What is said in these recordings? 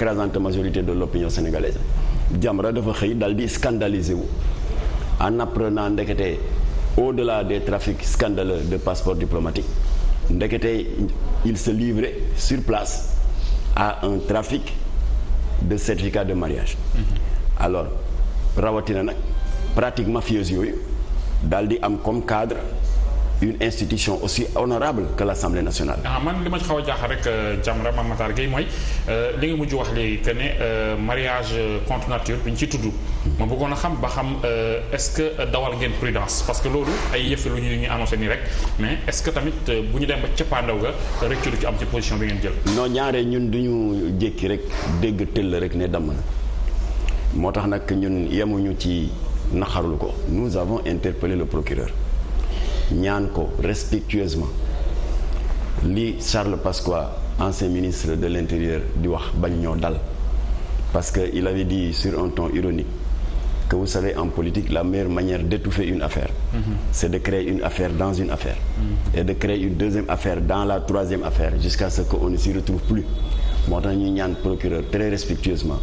écrasante majorité de l'opinion sénégalaise Jamra dafa xëy dal di scandaliser wu en apprenant ndekete au-delà des trafics scandaleux de passeports diplomatiques ndekete il se livre sur place à un trafic de certificats de mariage mm-hmm. alors rawatina nag pratique mafieuse yooyu daal di am comme cadre une institution aussi honorable que l'Assemblée nationale. ah man li ma xaw a jaaxal rek euh, Jamra Mame Matar Gueye mooy euh, li nga mujj wax léegi que ne euh, mariage contre nature bi ñu ci tudd. ma bëggoon a xam ba xam est-ce que dawal ngeen prudence parce que loolu ay yëf lu ñu ñu annoncé nii rek mais est-ce que tamit bu ñu dem ba cappaandaw ga rëccu ci am ci position bi ngeen jël. non ñaaree ñun duñu jékki rek dégg tëll rek ne damm na moo tax nag ñun yemuñu ci naxarlu ko nous avons interpellé le procureur. ñaan ko respectueusement li Charles quoi ancien ministre de l'intérieur di wax bañ ñoo dal parce que il avait dit sur un ton ironique que vous en politique la meilleure manière d'étouffer une affaire mm-hmm. c'est de créer une affaire dans une affaire mm -hmm. et de créer une deuxième affaire dans la troisième affaire jusqu'à ce qu'on ne s'y retrouve plus moo tax ñuy ñaan procureur très respectueusement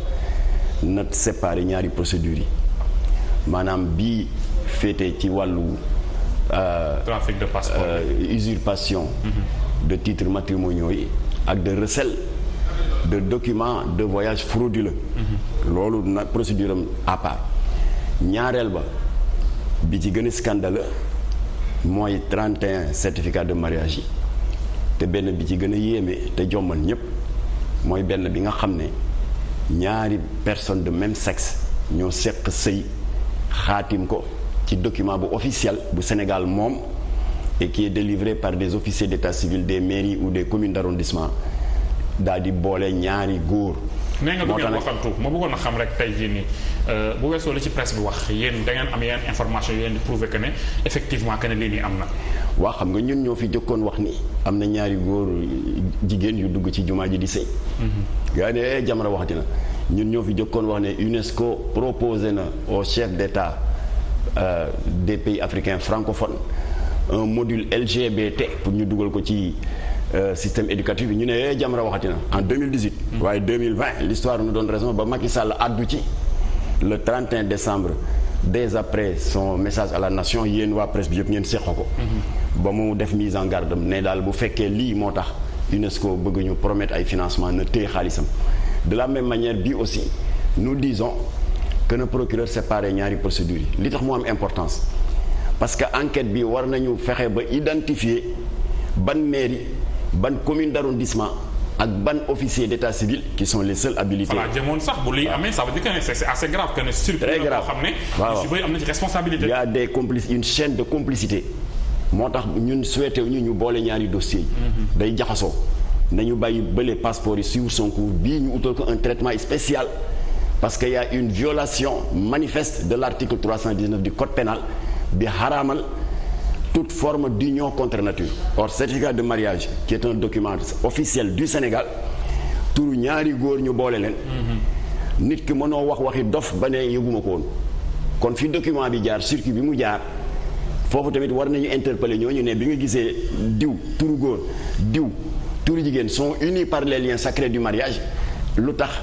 na séparer ñaari procédures yi maanaam bi féete ci wàllu Euh, trafic de passeport euh, usurpation. Mm-hmm. de titres matrimoniaux yi ak de recel de document de voyage la mm-hmm. loolu nag procédure am à part ñaareel ba bi ci gën a scandaleux mooy 31 certificat de mariage yi te benn bi ci gën a yéeme te jommal ñépp mooy benn bi nga xam ne ñaari personne de même sexe ñoo seq sëy xaatim ko ci document bu officiel bu Sénégal moom et qui est délivré par des officiers d'état civil de mairies ou des communes d'arrondissement daal di boole ñaari góor. nee nga du ngeen waxantu a xam rek tey jii nii euh, bu weesoo li ci presse bi wax yéen da ngeen am yenn information yu leen di prouver que ne effectivement que nga ñun ñoo fi jëkkoon wax ni am na ñaari góor jigéen yu dugg ci jumaa ji di sëy. Mhm. yaa ne eh, Jamra waxati na ñun ñoo fi jëkkoon wax ne UNESCO proposé na au chef d'État euh, des pays africains francophones un module LGBT pour ñu dugal ko ci euh, système éducatif bi ñu ne yooyu eh, Jamra waxati na en 2018 hmm. waaye 2020 l'histoire nous donne raison ba Macky Sall addu ci le 31 décembre dès après son message à la nation yéen waa presse yëpp ngeen seqo ko hmm. ba mu def mise en garde ne daal bu fekkee lii moo tax UNESCO bëgg ñu promettre ay financement na téye xaalisam de la même manière bi aussi nous disons que na procureur séparé ñaari procédures yi li tax mu am importance parce que enquête bi war nañu fexe ba identifier ban mairie ban commune d'arrondissement ak ban officier d'état civil qui sont les seuls habilités. voilà sax bu luy amee ça veut dire que c'est assez grave que ne. très grave xam ne. waaw si am na une chaîne de complicité moo tax ñun souhaité ñu ñu boole ñaari dossiers yi. Mhm. day jaxasoo nañu bàyyi bële passeport yi suivre son cours bii ñu utal ko un traitement spécial. parce que y une violation manifeste de l'article 319 du code pénal bi xaraamal toute forme d'union contre nature or certificat de mariage qui est un document officiel du Sénégal turu ñaari góor ñu boole leen mm-hmm. nit ki mënoo wax waxi dof ba ne yëguma ko woon kon fi document bi jaar circuit bi mu jaar foofu tamit war nañu interpeller ñooñu ne bi nga gisee diw turu góor diw turu jigéen sont unis par les liens sacrés du mariage lu tax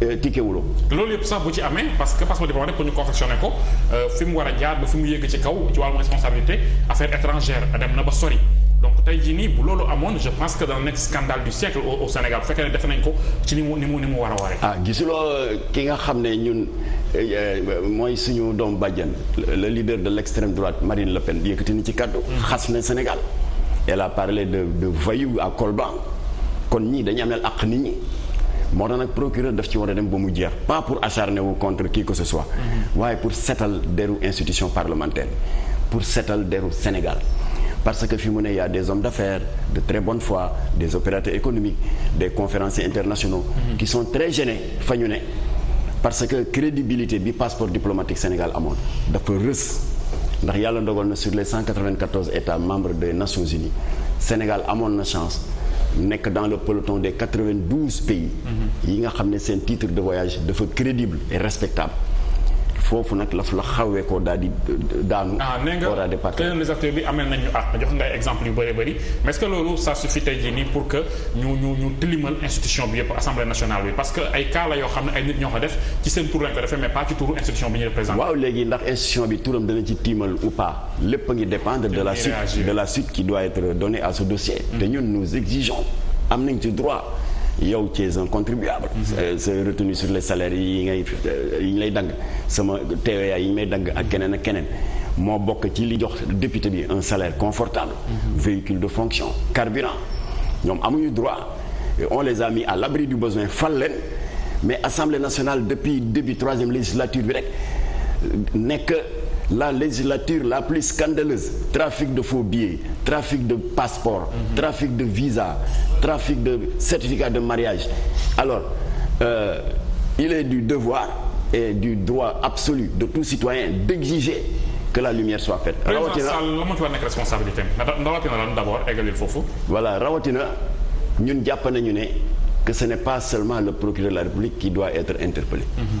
Euh, ticket wuloo loolu yëpp sax bu ci amee parce que passeport diplomatique pour ñu confectionné ko euh, fi mu war a jaar ba fi mu yëgg ci kaw ci wàllum responsabilité affaire étrangère dem na ba sori donc tey jii nii bu loolu amoon je pense que dana nekk scandale du siècle au au Sénégal bu fekkee ne def nañ ko ci ni mu ni mu ni mu war a waree. ah gisuloo euh, ki nga xam ne ñun mooy suñu doom bàjjen le leader de l' extrême droite Marine Le Pen yëkkati ni ci kàddu. Hmm. xas na Sénégal. elle a parlé de de voyous à col blanc kon ñii dañu ameel àq nit moo tax nag procureur daf ci war a dem ba mu jeex pas pour acharner wu contre qui que ce soit mm-hmm. waaye pour setal deru institution parlementaire pour setal deru Sénégal parce que fi mu ne y des hommes d'affaires de très bonne foi des opérateurs économiques des conférenciers internationaux mm-hmm. qui sont très gênés fa ñu ne parce que crédibilité bi passeport diplomatique Sénégal amoon dafa rës ndax yàlla ndogal na sur les 194 états membres des Nations Unies Sénégal amoon na chance nekk dans le peloton des 92 pays. Mm-hmm. yi nga xam ne seen titre de voyage dafa crédible et respectable. foofu nag la la xawee ko daal di daanu. ah nee bi amel nañu àq jox nga exemple yu bëri bëri mais que loolu ça suffit tey nii pour que ñu ñu ñu tilimal institution bi yëpp assemblée nationale bi parce que ay cas la yoo xam ne ay nit ñoo ko def ci seen tur lañ defee mais pas ci turu dana ci tiimal ou lépp a ngi dépendre de la suite de la suite qui doit être donnée à ce dossier. Mm. te ñun nous exigeons am nañ ci droit. yow tu es un contribuable. Mm-hmm. Euh, sa retenu sur les salaires yi ngay yi ñu lay dagg sama TVA e yi ñu may dagg ak keneen ak keneen moo bokk ci li jox député bi un salaire confortable mm-hmm. véhicule de fonction carburant ñoom amuñu droit on les amis à l'abri du besoin fal leen mais Assemblée nationale depuis début troisième législature bi rek nekk. la législature la plus scandaleuse trafic de faux billets trafic de passeport mm -hmm. trafic de visa trafic de certificat de mariage alors euh, il est du devoir et du droit absolu de tout citoyen d'exiger que la lumière soit faite. rawatina la moo ci war nekk responsabilité rawatina lan d'abord eggalil foofu. voilà rawatina ñun jàpp nañu ne que ce n'est pas seulement le procureur de la République qui doit être interpellé. Mhm.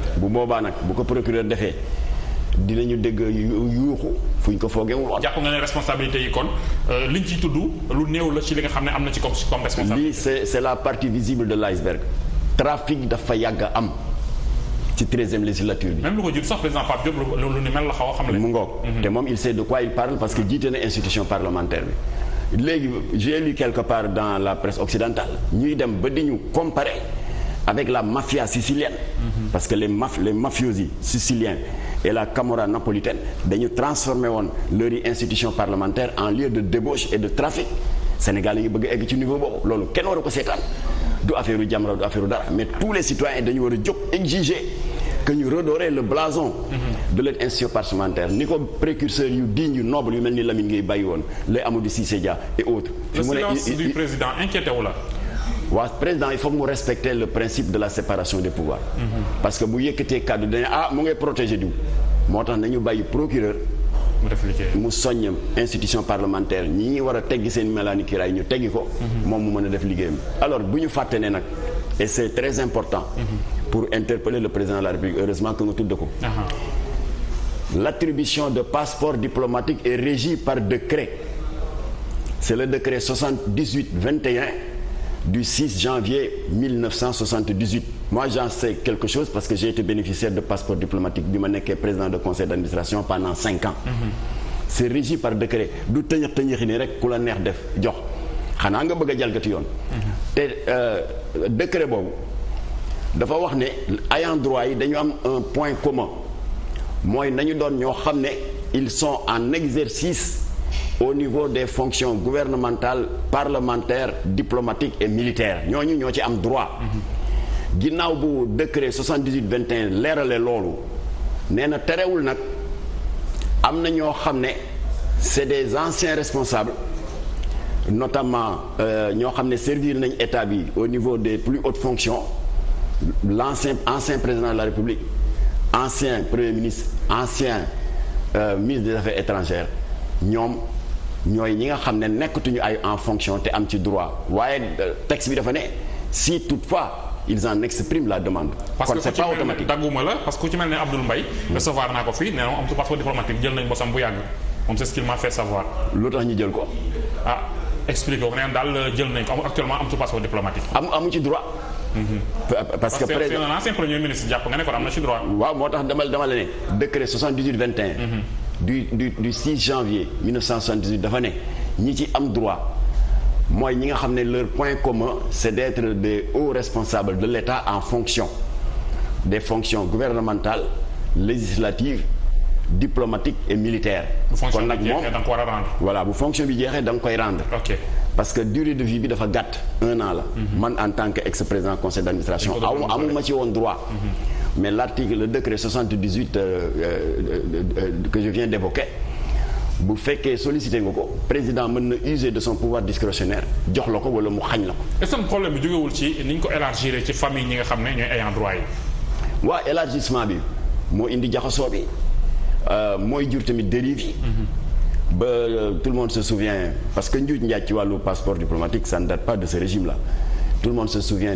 bu boobaa nag bu ko procureur defee dinañu dégg yuuxu fuñ ko foogee woon. jàpp nga ne responsabilité yi kon euh, liñ ci tudd lu néew la ci li nga xam ne am na ci comme comme responsabilité. lii c'est c'est la partie visible de l'iceberg. trafic dafa yàgg a am ci treizième législature bi. ko jub sax président Pape Diop xaw xam. mu ngoog mhm. te moom il sait de quoi il parle parce que jiite na institution parlementaire bi. léegi j'ai lu quelque part dans la presse occidentale ñuy dem ba di ñu comparer. avec la mafia sicilienne. Mhm. parce que les maf les mafiosi siciliens et la Camorra napolitaine dañu transformé woon leur institution parlementaire en lieu de débauche et de trafic Sénégal yi bëgg a egg ci niveau boobu loolu kenn waru ko seetaan du affaire u Jamra du affaire u dara mais tous les citoyens dañu war a jóg exiger que ñu redorer le blason. Mhm. de leur institution parlementaire ni ko précurseur yu digne yu noble yu mel ni Lamine ngay bàyyi woon lay Amadou Cissé Dia et autres. le la. waa président il faut mu respecter le principe de la séparation des pouvoirs mhm. parce que bu yëkkatee kàddu dañu ah mu ngay protéger diw moo tax nañu bàyyi procureur mu soññ institution parlementaire ñi ñuy war a teggi seen melaani kiraay ñu teggi ko mhm. moom mu mën a def liggéeyam alors bu ñu fàtte ne nag et c' très important mhm. pour interpeller le président de la République heureusement que nga tudd ko l' attribution de passeport diplomatique est régie par décret c' est le décret 78 21 du 6 janvier 1978 moi j'en sais quelque chose parce que j'ai été bénéficiaire de passeport diplomatique bi ma nekkee président de conseil d'administration pendant cinq ans mm c'est régi par décret du tëñëx tëñëxi nii rek ku la neex def jox xanaa nga bëgg a jalgati yoon mhm. te euh, décret boobu dafa wax ne ayant droit yi dañu am un point commun mooy nañu doon ñoo xam ne ils sont en exercice au niveau des fonctions gouvernementales parlementaires diplomatiques et militaires ñooñu ñoo ci am droit ginnaaw bu décret 78 21 leerale loolu nee na terewul nag am na ñoo xam ne c'est des anciens responsables notamment euh, ñoo xam ne servir nañ état bi au niveau des plus hautes fonctions l'ancien ancien président de la République ancien premier ministre ancien euh, ministre des affaires étrangères ñoom ñooy ñi nga xam ne nekkatuñu ay en fonction te am ci droit waaye euh, texte bi dafa ne si toutefois ils en expriment la demande. parce que ci mel ne Abdoul Mbaye hmm. recevoir naa ko fii nee na am passeport diplomatique jël nañ bosam bu yàgg moom c'est ce qu'il savoir. lu tax ñu jël ko. ah expliqué ko nee daal euh, jël nañ actuellement am passeport diplomatique. am amu ci droit. Hmm. parce que président c'est un ancien premier ministre jàpp nga ne kon am na du du du 6 janvier 1978 dafa ne ñi ci am droit mooy ñi nga xam ne leur point commun c'est d'être de hauts responsables de l'État en fonction des fonctions gouvernementales législatives diplomatique et militaire. kon nag moom wala bu fonction bi jeexee da nga koy rendre. ok parce que durée de vie bi dafa gàtt. un an la. Mhm. man en tant que ex président conseil d' administration. amuma ci woon droit. Mhm. mais l'article le décret 78 euh, euh, euh, que je viens d'évoquer bu fekkee sollicité nga ko président mën na user de son pouvoir discrétionnaire jox la ko wala mu xañ la ko. est problème bi jógewul ci ni ñu ko élargir ci famille ñi nga xam ne ñooy ayant droit yi. waa élargissement bi moo indi jaxasoo bi mooy jur tamit dérive yi. Mm-hmm. ba tout le monde se souvient parce que njuuj njaaj ci wàllu passeport diplomatique ça ne date pas de ce régime là tout le monde se souvient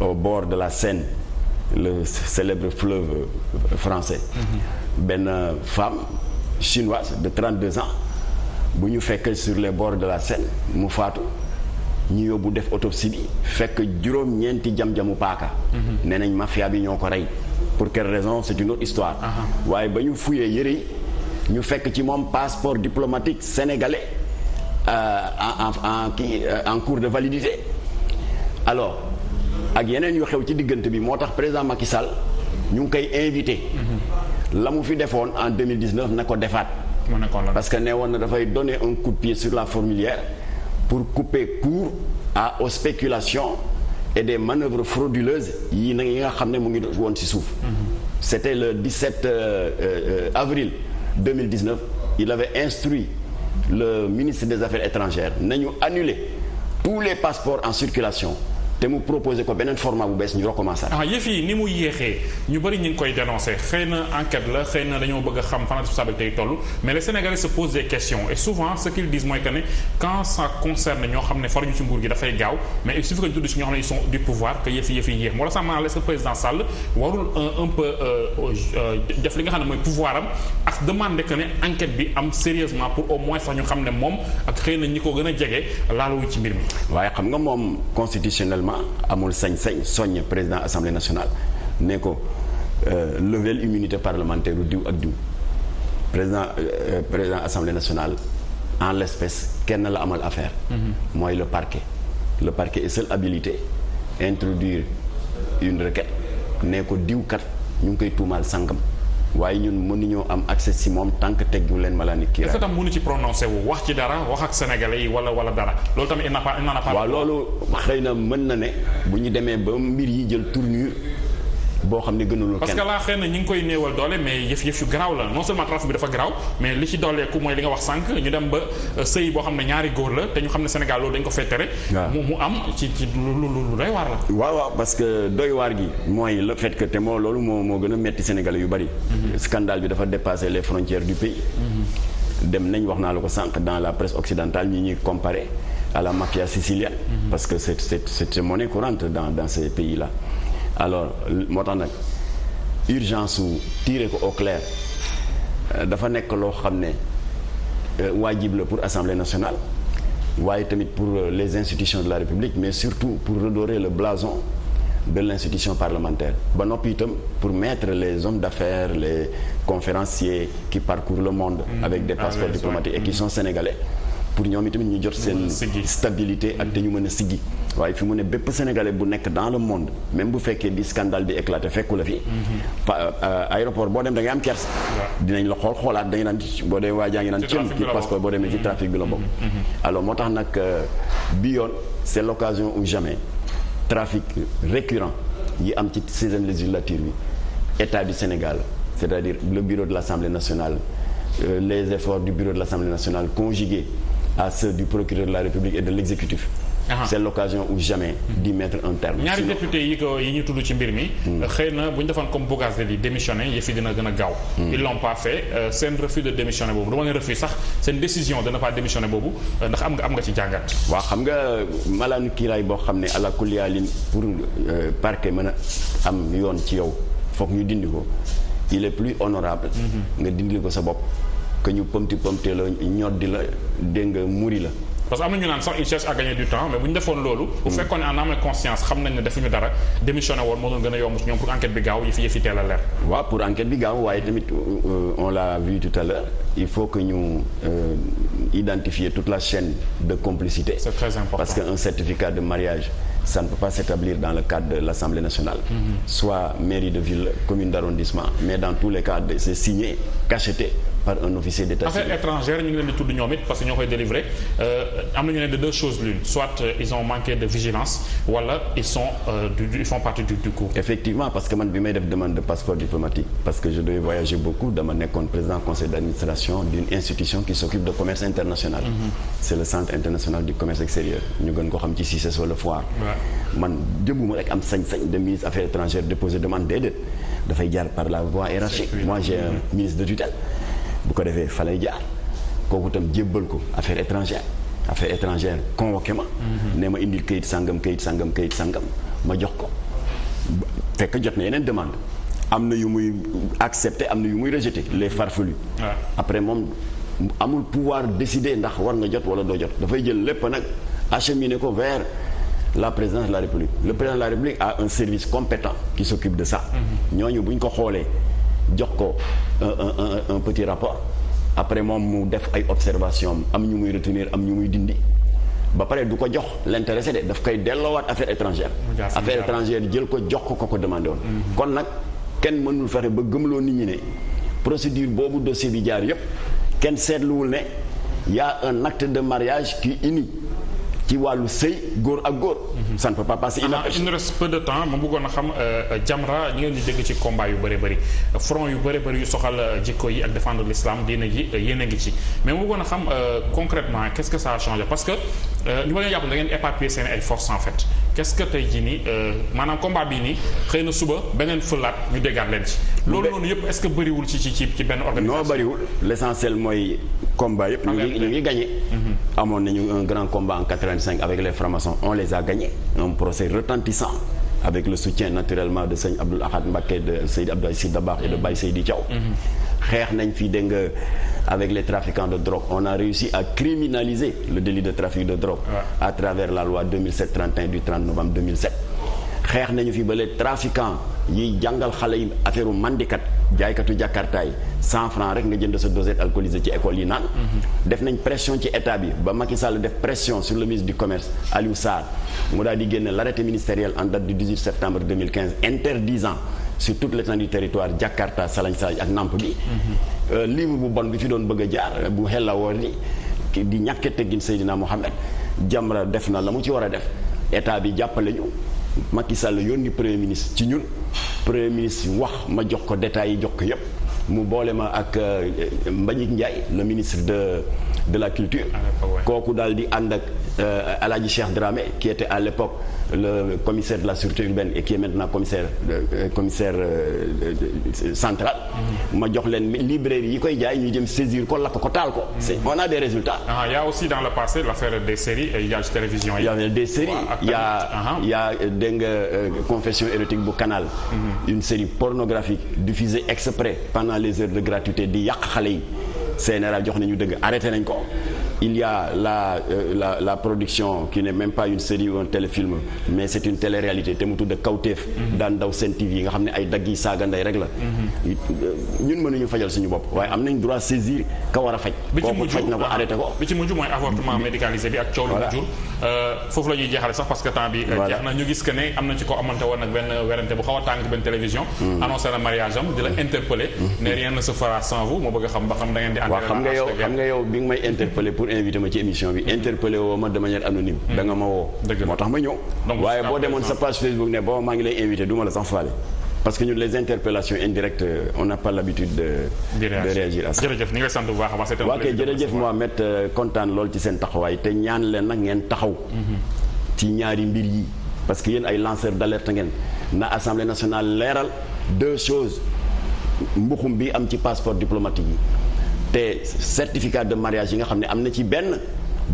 au bord de la Seine le célèbre fleuve français benn femme chinoise de 32 ans bu ñu fekk sur les bords de la Seine mu faatu ñu yóbbu def autopsie bi fekk juróom-ñeenti jam-jamu paaka mhm. nee nañ mafia bi ñoo ko rey pour quelle raison c'est une autre histoire waaye ba ñu fuyee yëre yi ñu fekk ci moom passeport diplomatique sénégalais euh, en en en cours de validité alors ak yeneen yu xew ci diggante bi moo tax président Macky Sall ñu ngi koy invité. la mu fi defoon en 2019 na ko defaat. parce que nee woon na dafay donner un coup de pied sur la fourmilière pour couper court à aux spéculations et des manœuvres frauduleuses yi na yi nga xam ne mu ngi woon ci suuf. c'était le 17 euh, euh, avril 2019 il avait instruit le ministre des Affaires étrangères nañu annuler tous les passeports en circulation. te mu proposé ko beneen format bu bees ñu recommencé. ah yëf yi ni mu yéexee ñu bëri ñu ngi koy dénoncé xëy na enquête la xëy na dañoo bëgg a xam fan la responsabilité yi toll mais les Sénégalais se posent des questions et souvent ce mooy que ne quand ça concerne ñoo xam ne faruñu ci nguur gi dafay gaaw mais il suffit que ñu si ñoo xam ne du pouvoir que yëf yi yëf yi yéex moo tax sax maanaam est-ce que président Sall warul euh, un peu euh, euh, def li nga xam ne mooy pouvoir am ak demander que ne enquête bi am sérieusement pour au ñu xam ne moom ak xëy na ñi gën a jege laaluwu ci mbir mi. waaye xam nga moom constitutionnel actuellement amul sañ-sañ soññ président assemblée nationale ne ko euh, level immunité parlementaire u diw ak diw président euh, président assemblée nationale en l'espèce kenn la amal affaire mm-hmm. mooy le parquet le parquet est seul habilité introduire une requête ne ko diw kat ñu ngi koy tuumaal sangam waaye ñun mënuñoo am accès si moom tant que teggu leen maladie kii dafa tam mënu ci prononcé wu wax ci dara wax ak sénégalais yi wala wala dara loolu tamit il n'a pas il loolu xëy na mën na ne bu ñu demee ba mbir yi jël tournure boo xam ne gënalul kenn parce que laa xëy na ñu ngi koy néewal doole mais yëf yëf yu garaaw la non seulement trafic bi dafa garaaw mais li ci dooleeku mooy li nga wax sànq ñu dem ba euh, sëy boo xam ne ñaari góor la te ñu xam ne Sénégal dañ ko fettere mu mu am ci ci lu lu doy waar la waaw waaw parce que doy waar gi mooy la fait te moo loolu moo moo gën a metti Sénégalais yu bari mm-hmm. scandale bi dafa dépasser les frontières du pays mm-hmm. dem nañ wax naa la ko sànq dans la presse occidentale ñi ñuy comparer à la mafia sicilienne. Mm-hmm. parce que c'est c'est c'est monnaie courante dans dans alors moo tax nag urgence su tirer ko au clair euh, dafa nekk loo xam ne euh, waajib la pour assemblée nationale waaye tamit pour euh, les institutions de la république mais surtout pour redorer le blason de l'institution parlementaire ba noppi itam pour mettre les hommes d'affaires les conférenciers qui parcourent le monde mmh. avec des ah passeports ah, diplomatiques et qui mmh. sont sénégalais pour ñoom itamit ñu jot seen stabilité ak te ñu mën a siggi waaye fi mu ne bépp sénégalais bu nekk dans le monde même bu fekkee bi scandale bi éclaté fekku la fi. Mhm. Euh, aéroport boo dem da ngay am kers. dinañ la xool xoolaat dañu naan boo demee waa jaa ngi naan cëm ci parce u boo demee ci trafic mhm. Mhm. moo tax nag euh, bi yoon c'est l'occasion ou jamais trafic récurrent yi am ci sixième législature bi état du Sénégal c'est-à-dire le bureau de l'Assemblée nationale euh, les efforts du bureau de l'Assemblée nationale conjugués à ceux du procureur de la République et de l'exécutif c'est l'occasion ou jamais d'y mettre un terme ñaari député yi ko yi ñu tudd ci mbir mi hmm. xëy na bu ñu defoon comme Boughazelli yi démissionné yëf yi dina gën a gaaw hmm. ils l'ont pas fait euh, seen refus de démissionner boobu dama leen refus sax seen décision de ne pas démissionner boobu euh, ndax am nga am nga ci jàngat waa xam nga malaanu kiiraay boo xam ne ala kuliyaalin pour euh, parquet mën a am yoon ci yow foog ñu dindi ko il est plus honorable hmm. nga dindi ko sa bopp que ñu pëmti pëmte la ñoddi la dégg nga muri la parce que am na ñu naan sax il cherche à gagner du temps mais bu ñu defoon loolu. bu hmm. fekkoon en âme conscience xam nañ ne defuñu dara démissionné woon moo doon gën a yomb si ñoom pour enquête bi gaaw yëfi yëfi teel a leer. waaw pour enquête bi gaaw waaye tamit euh, euh, on l'a vu tout à l'heure il faut que ñu euh, identifier toute la chaîne de complicité. c'est très important certificat de mariage ça ne peut pas s'établir dans le cadre de l'Assemblée nationale. Hmm. soit mairie mais dans par un officier d'état civil. affaires parce que ñoo koy délivrer euh, am nañu leen soit euh, ils ont manqué de vigilance wala ils sont euh, effectivement parce que man bi may def demande de passeport diplomatique parce que je devais voyager beaucoup dama nekkoon président conseil d'administration d'une institution qui s'occupe de commerce international. Mm-hmm. c'est le centre international du commerce extérieur ñu gën ko xam ci CICES wala foire. man jëmbuma rek am sañ-sañ de ministre affaires étrangères bu ko defee fa lay jaar kooku tam jébbal ko affaire étrangère affaire étrangère convoqué ma. Mhm. ne ma indil kayit sangam kayit sangam kayit sangam ma jox ko. fekk jot na yeneen demande am na yu muy accepté am na yu muy rejeté les farfelus. après moom amul pouvoir décider ndax war nga jot wala doo jot dafay jël lépp nag acheminé ko vers. la présidence de la République le président de la République a un service compétent qui s'occupe de ça mhm. ñooñu bu jox ko un un un petit rapport après moom mu def ay observation am ñu muy retenir am ñu muy dindi ba pare du ko jox l'intéressé de daf koy delloowaat affaire étranger affaire étrangère jël ko jox ko ko ko demandé woon mm-hmm. kon nag kenn mënul fexe ba gëmloo nit ñi ne procédure boobu dossier bi jaar yëpp kenn seetluwul ne y a un acte de mariage qui unit ci wàllu sëy góor ak góor. Mhm. ça ne peut pas passer inaperçu. il de temps ma bëggoon a xam euh, euh, Jamra ñu ngi leen di dégg ci combat yu bëri bëri front yu bëri bëri yu soxal euh, jikko yi ak défendre l'islam diine ji yéen a ci mais ma bëggoon a xam concrètement qu'est-ce que a changé parce que ñu ma leen jàpp da ngeen éparpiller seen ay forces en fait. qu'est-ce que tey jii nii euh, maanaam combat bii nii xëy na suba beneen fëlaat ñu déggaat leen ci. loolu noonu yëpp est-ce ci ci ci benn organisation. non bëriwul l'essentiel mooy combat yëpp. ñu ngi ñu mhm. amoon nañu un grand combat en 85 avec les francs-maçons on les a gagnés. un procès retentissant. avec le soutien naturellement de sëñ Abdoul Ahad Mbacké de Seydi Abdoul Aziz Sy Dabakh et de Baye Seydi Thiaw. Mhm. xeex nañ fi dégg avec les trafiquants de drogue. On a réussi à criminaliser le délit de trafic de drogue à travers la loi 2007 du 30 novembre xeex nañu fi ba les trafiquants jàngal xale yi affaire mandikat jaaykatu jakartaay cent franc rek nga jënd sa dosette alcoolisée ci école yi naan. Mhm. def nañ pression ci état bi ba Macky Sall def pression sur le ministre du commerce Aliou Sarr mu daal di génne l' arrêté ministériel du septembre interdisant. sur toute l'étendue du territoire Jakarta Salañ Salañ ak namp bi mhm. euh, livre bu bon bi fi doon bëgg a jaar bu xella woor ni di ñàkke teggin Seydina Mohamed Jamra def na la mu ci war a def état bi jàppale ñu Macky Sall yónni premier ministre ci ñun premier ministre wax ma jox ko détails yi jox ko yépp mu boole ma ak euh, Mbagnick Ndiaye le ministre de de la culture ah, kooku daal di ànd ak Alhaji euh, Cheikh Dramé qui était à l'époque le commissaire de la sûreté urbaine et qui est maintenant commissaire euh, commissaire euh, central mm-hmm. ma jox leen librairie yi koy jaay ñu jëm saisir ko lakk ko taal ko mm-hmm. c'est on a des résultats ah, aussi dans le passé l'affaire des séries et il y a télévision il a uh-huh. dégg nga confession érotique bu canal mm-hmm. une série pornographique diffusée exprès pendant les heures de gratuité di yàq xale yi CNRA jox nañu dégg arrêté nañ ko il y a la, euh, la la production qui n'est même pas une série ou un téléfilm mais c'est une télé-réalité te mu tudd Kawteef mhm. daan daw seen TV nga xam ne ay dagg yi saaga ndey rek la mhm. euh, ñun mënuñu fajal suñu bopp waaye am nañ droit saisir ka war a faj kooku faj na ko arrêté ko bi ci mujj mooy avortement médicalisé bi ak coow lu jur euh, foofu la jeexale sax parce que temps bi euh, jeex na ñu gis que ne am na ci ko amante woon nag benn werante bu xaw a benn télévision hmm. hmm. Hmm. a pour inviter ma ci émission bi interpellé woo ma de manière anonyme. da hmm. ma woo. moo tax ma ñëw. waaye boo demoon sa page Facebook ne bon maa ngi lay invité du la sax faale. parce que ñun les interpellations indirectes euh, on n'a pas l'habitude de. de réagir à ça jërëjëf ñu ngi lay a baax. waa euh, kontaan lool ci seen taxawaay te ñaan leen nag ngeen taxaw. Mhm. ci ñaari mbir yi parce que yéen ay lanceur d'alerte ngeen na assemblée nationale leeral deux choses mbuxum bi am ci te certificat de mariage yi nga xam ne am na ci benn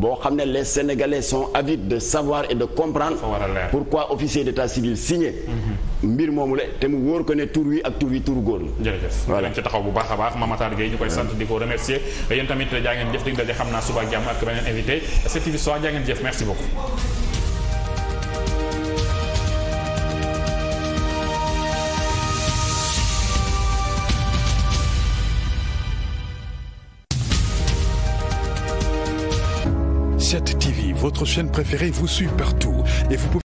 boo xam ne les sénégalais sont avides de savoir et de comprendre pourquoi officier d'état civil signé mbir moomu te mu wóor ko ne tur wi ak tur wi tur góor la jërëjëf ci taxaw bu baax a baax Mame Matar Gueye ñu koy sant di ko remercier yéen tamit jaa ngeen jëf di daje xam naa suba ak jàmm ak beneen invité 7 Soir jaa ngeen jëf merci beaucoup votre préférée vous suit partout et vous pouvez